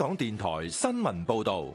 港電台新聞報道，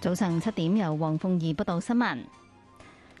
早上七點由黃鳳儀報道新聞。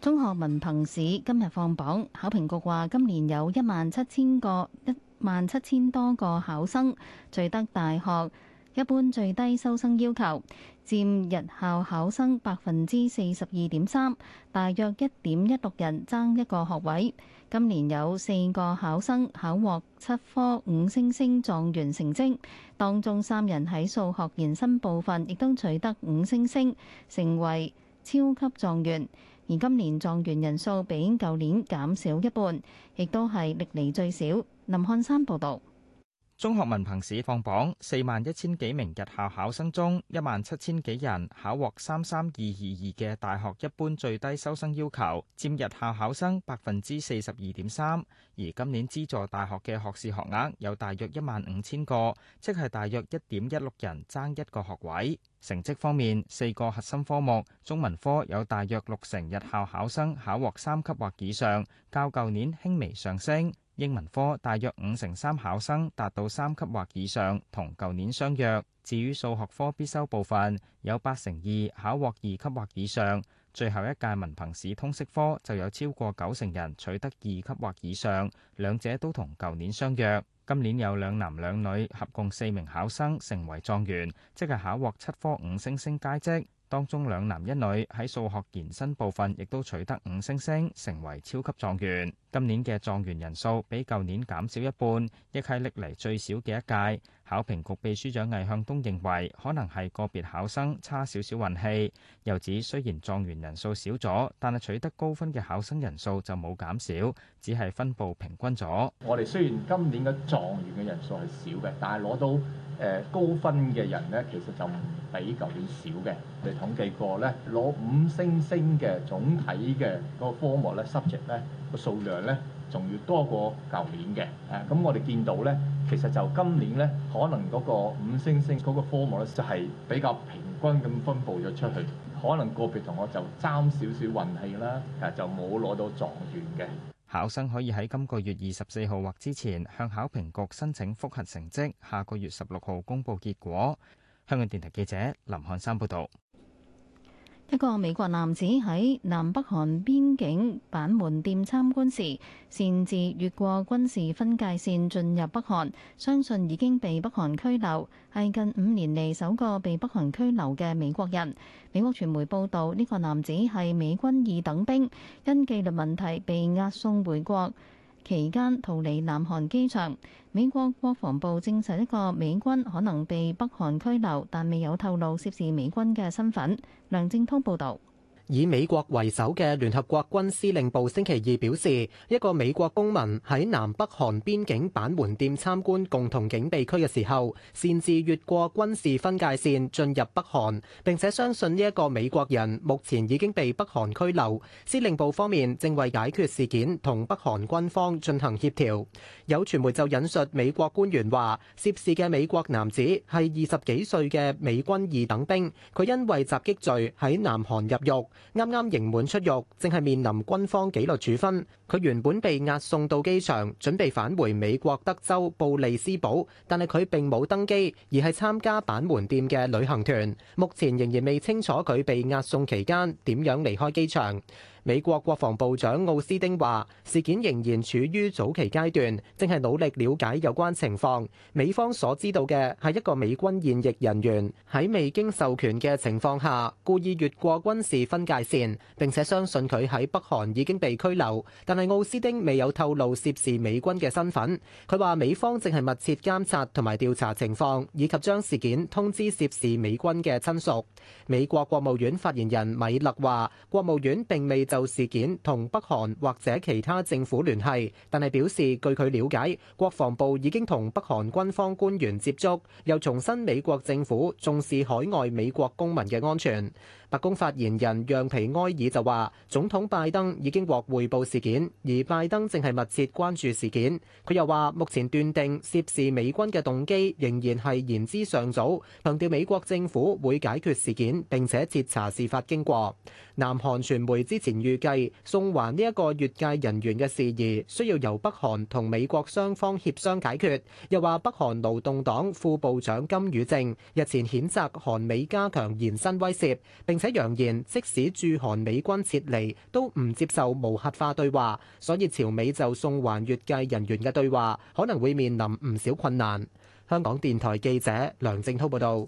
中學文憑試今日放榜，考評局話今年有一萬七千個一萬七千多個考生取得大學。一般最低收生要求佔日校考生百分之四十二點三，大約一點一六人爭一個學位。今年有四個考生考獲七科五星星狀元成績，當中三人喺數學延伸部分亦都取得五星星，成為超級狀元。而今年狀元人數比舊年減少一半，亦都係歷嚟最少。林漢山報道。中學文憑試放榜，四萬一千幾名日校考生中，一萬七千幾人考獲三三二二二嘅大學一般最低收生要求，佔日校考生百分之四十二點三。而今年資助大學嘅學士學額有大約一萬五千個，即係大約一點一六人爭一個學位。成績方面，四個核心科目，中文科有大約六成日校考生考獲三級或以上，較舊年輕微上升。英文科大約五成三考生達到三級或以上，同舊年相若。至於數學科必修部分，有八成二考獲二級或以上。最後一屆文憑試通識科就有超過九成人取得二級或以上，兩者都同舊年相若。今年有兩男兩女合共四名考生成為狀元，即係考獲七科五星星佳績。當中兩男一女喺數學延伸部分亦都取得五星星，成為超級狀元。今年嘅狀元人數比舊年減少一半，亦係歷嚟最少嘅一屆。考評局秘書長魏向東認為，可能係個別考生差少少運氣。又指雖然狀元人數少咗，但係取得高分嘅考生人數就冇減少，只係分布平均咗。我哋雖然今年嘅狀元嘅人數係少嘅，但係攞到誒、呃、高分嘅人咧，其實就唔比舊年少嘅。我哋統計過咧，攞五星星嘅總體嘅嗰個科目咧，subject 咧個數量咧，仲要多過舊年嘅。誒、啊，咁我哋見到咧，其實就今年咧，可能嗰個五星星嗰個科目咧，就係、是、比較平均咁分布咗出去。可能個別同學就爭少少運氣啦，誒，就冇攞到狀元嘅。考生可以喺今個月二十四號或之前向考評局申請複核成績，下個月十六號公佈結果。香港電台記者林漢山報道。一個美國男子喺南北韓邊境板門店參觀時，擅自越過軍事分界線進入北韓，相信已經被北韓拘留，係近五年嚟首個被北韓拘留嘅美國人。美國傳媒報道，呢個男子係美軍二等兵，因紀律問題被押送回國。期間逃離南韓機場，美國國防部證實一個美軍可能被北韓拘留，但未有透露涉事美軍嘅身份。梁正通報導。以美國為首嘅聯合國軍司令部星期二表示，一個美國公民喺南北韓邊境板門店參觀共同警備區嘅時候，擅自越過軍事分界線進入北韓。並且相信呢一個美國人目前已經被北韓拘留。司令部方面正為解決事件同北韓軍方進行協調。有傳媒就引述美國官員話，涉事嘅美國男子係二十幾歲嘅美軍二等兵，佢因為襲擊罪喺南韓入獄。啱啱刑滿出獄，正係面臨軍方紀律處分。佢原本被押送到機場，準備返回美國德州布利斯堡，但係佢並冇登機，而係參加板門店嘅旅行團。目前仍然未清楚佢被押送期間點樣離開機場。美國國防部長奧斯丁話：事件仍然處於早期階段，正係努力了解有關情況。美方所知道嘅係一個美軍現役人員喺未經授權嘅情況下，故意越過軍事分界線。並且相信佢喺北韓已經被拘留。但係奧斯丁未有透露涉事美軍嘅身份。佢話：美方正係密切監察同埋調查情況，以及將事件通知涉事美軍嘅親屬。美國國務院發言人米勒話：國務院並未就事件同北韓或者其他政府聯繫，但係表示據佢了解，國防部已經同北韓軍方官員接觸，又重申美國政府重視海外美國公民嘅安全。白宮發言人讓皮埃爾就話：總統拜登已經獲匯報事件，而拜登正係密切關注事件。佢又話：目前斷定涉事美軍嘅動機仍然係言之尚早，強調美國政府會解決事件並且徹查事發經過。南韓傳媒之前預計，送還呢一個越界人員嘅事宜需要由北韓同美國雙方協商解決。又話北韓勞動黨副部長金宇正日前譴責韓美加強延伸威懾。並且揚言，即使駐韓美軍撤離，都唔接受無核化對話，所以朝美就送還越界人員嘅對話，可能會面臨唔少困難。香港電台記者梁正滔報導。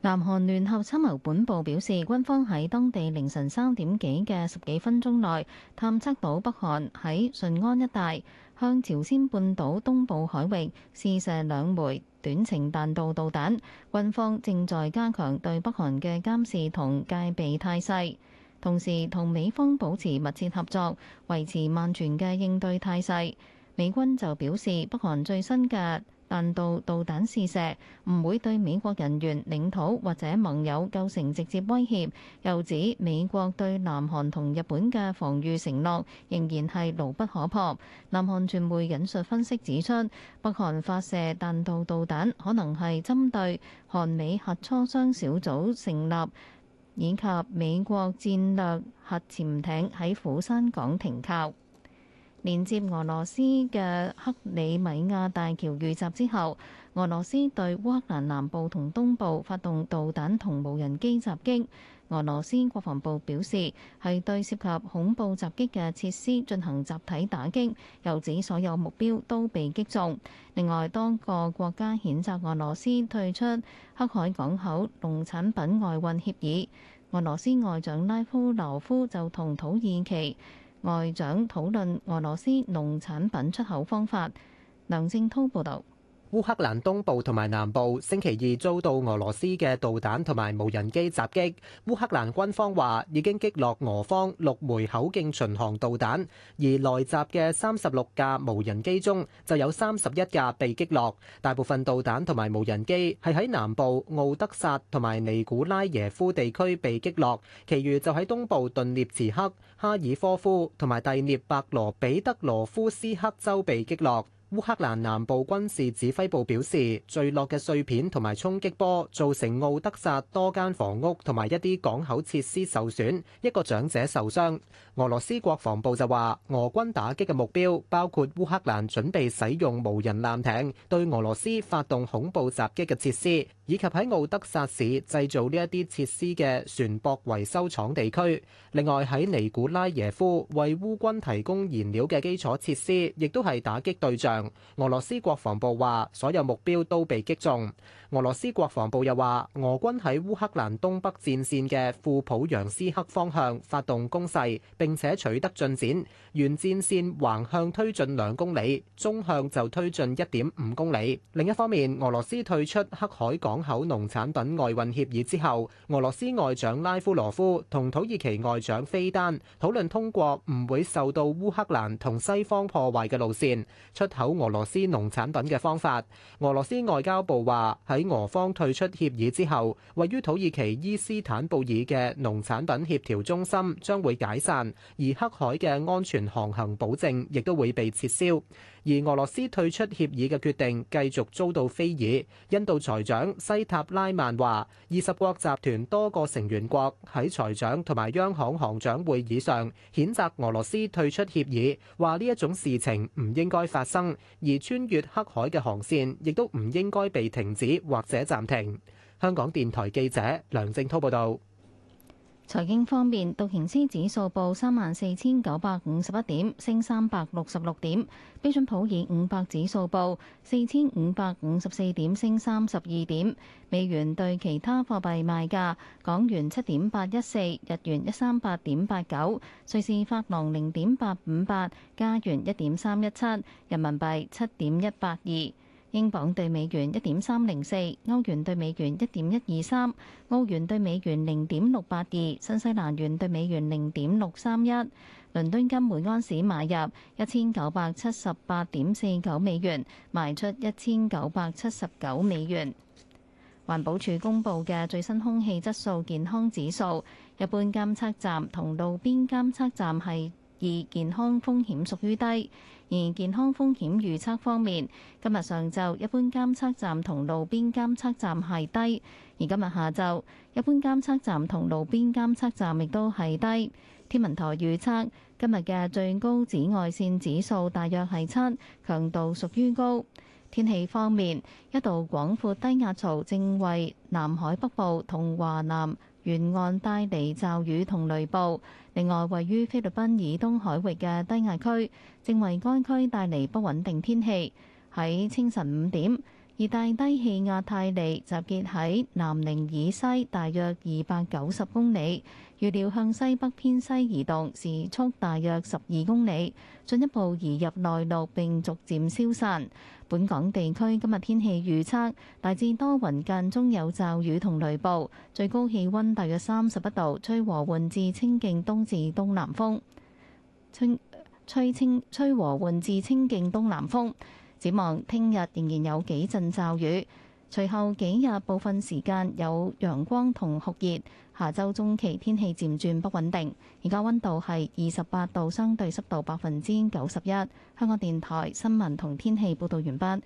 南韓聯合參謀本部表示，軍方喺當地凌晨三點幾嘅十幾分鐘內，探測到北韓喺順安一帶向朝鮮半島東部海域試射兩枚短程彈道導彈，軍方正在加強對北韓嘅監視同戒備態勢，同時同美方保持密切合作，維持萬全嘅應對態勢。美軍就表示，北韓最新嘅彈道導彈試射唔會對美國人員、領土或者盟友構成直接威脅，又指美國對南韓同日本嘅防禦承諾仍然係牢不可破。南韓傳媒引述分析指出，北韓發射彈道導彈可能係針對韓美核磋商小組成立，以及美國戰略核潛艇喺釜山港停靠。連接俄羅斯嘅克里米亞大橋遇襲之後，俄羅斯對烏克蘭南部同東部發動導彈同無人機襲擊。俄羅斯國防部表示，係對涉及恐怖襲擊嘅設施進行集體打擊，又指所有目標都被擊中。另外，多個國家譴責俄羅斯退出黑海港口農產品外運協議。俄羅斯外長拉夫羅夫就同土耳其外長討論俄羅斯農產品出口方法。梁正滔報導。烏克蘭東部同埋南部星期二遭到俄羅斯嘅導彈同埋無人機襲擊。烏克蘭軍方話已經擊落俄方六枚口徑巡航導彈，而來襲嘅三十六架無人機中就有三十一架被擊落。大部分導彈同埋無人機係喺南部奧德薩同埋尼古拉耶夫地區被擊落，其餘就喺東部頓涅茨克、哈爾科夫同埋第涅伯羅彼得羅夫斯克州被擊落。烏克蘭南部軍事指揮部表示，墜落嘅碎片同埋衝擊波造成奧德薩多間房屋同埋一啲港口設施受損，一個長者受傷。俄羅斯國防部就話，俄軍打擊嘅目標包括烏克蘭準備使用無人艦艇對俄羅斯發動恐怖襲擊嘅設施，以及喺奧德薩市製造呢一啲設施嘅船舶維修廠地區，另外，喺尼古拉耶夫為烏軍提供燃料嘅基礎設施，亦都係打擊對象。俄羅斯國防部話所有目標都被擊中。俄羅斯國防部又話，俄軍喺烏克蘭東北戰線嘅庫普揚斯克方向發動攻勢，並且取得進展，沿戰線橫向推進兩公里，縱向就推進一點五公里。另一方面，俄羅斯退出黑海港口農產品外運協議之後，俄羅斯外長拉夫羅夫同土耳其外長菲丹討論通過唔會受到烏克蘭同西方破壞嘅路線出口到俄羅斯農產品嘅方法。俄羅斯外交部話，喺俄方退出協議之後，位於土耳其伊斯坦布爾嘅農產品協調中心將會解散，而黑海嘅安全航行保證亦都會被撤銷。而俄羅斯退出協議嘅決定繼續遭到非議。印度財長西塔拉曼話：二十國集團多個成員國喺財長同埋央行行長會議上譴責俄羅斯退出協議，話呢一種事情唔應該發生，而穿越黑海嘅航線亦都唔應該被停止或者暫停。香港電台記者梁正滔報道。財經方面，道瓊斯指數報三萬四千九百五十一點，升三百六十六點；標準普爾五百指數報四千五百五十四點，升三十二點。美元對其他貨幣賣價，港元七點八一四，日元一三八點八九，瑞士法郎零點八五八，加元一點三一七，人民幣七點一八二。英鎊對美元一點三零四，歐元對美元一點一二三，澳元對美元零點六八二，新西蘭元對美元零點六三一。倫敦金每安士買入一千九百七十八點四九美元，賣出一千九百七十九美元。環保署公布嘅最新空氣質素健康指數，一般監測站同路邊監測站係二，健康風險屬於低。而健康風險預測方面，今日上晝一般監測站同路邊監測站係低，而今日下晝一般監測站同路邊監測站亦都係低。天文台預測今日嘅最高紫外線指數大約係七，強度屬於高。天氣方面，一道廣闊低壓槽正為南海北部同華南沿岸帶嚟驟雨同雷暴。另外，位於菲律賓以東海域嘅低壓區正為該區帶嚟不穩定天氣。喺清晨五點，熱帶低氣壓泰利集結喺南寧以西大約二百九十公里，預料向西北偏西移動，時速大約十二公里，進一步移入內陸並逐漸消散。本港地區今日天，天氣預測大致多雲，間中有驟雨同雷暴，最高氣温大約三十一度，吹和緩至清勁東至東南風。吹，吹清吹和緩至清勁東南風，展望聽日仍然有幾陣驟雨。.隨後幾日部分時間有陽光同酷熱，下周中期天氣漸轉不穩定。而家温度係二十八度，相對濕度百分之九十一。香港電台新聞同天氣報導完畢。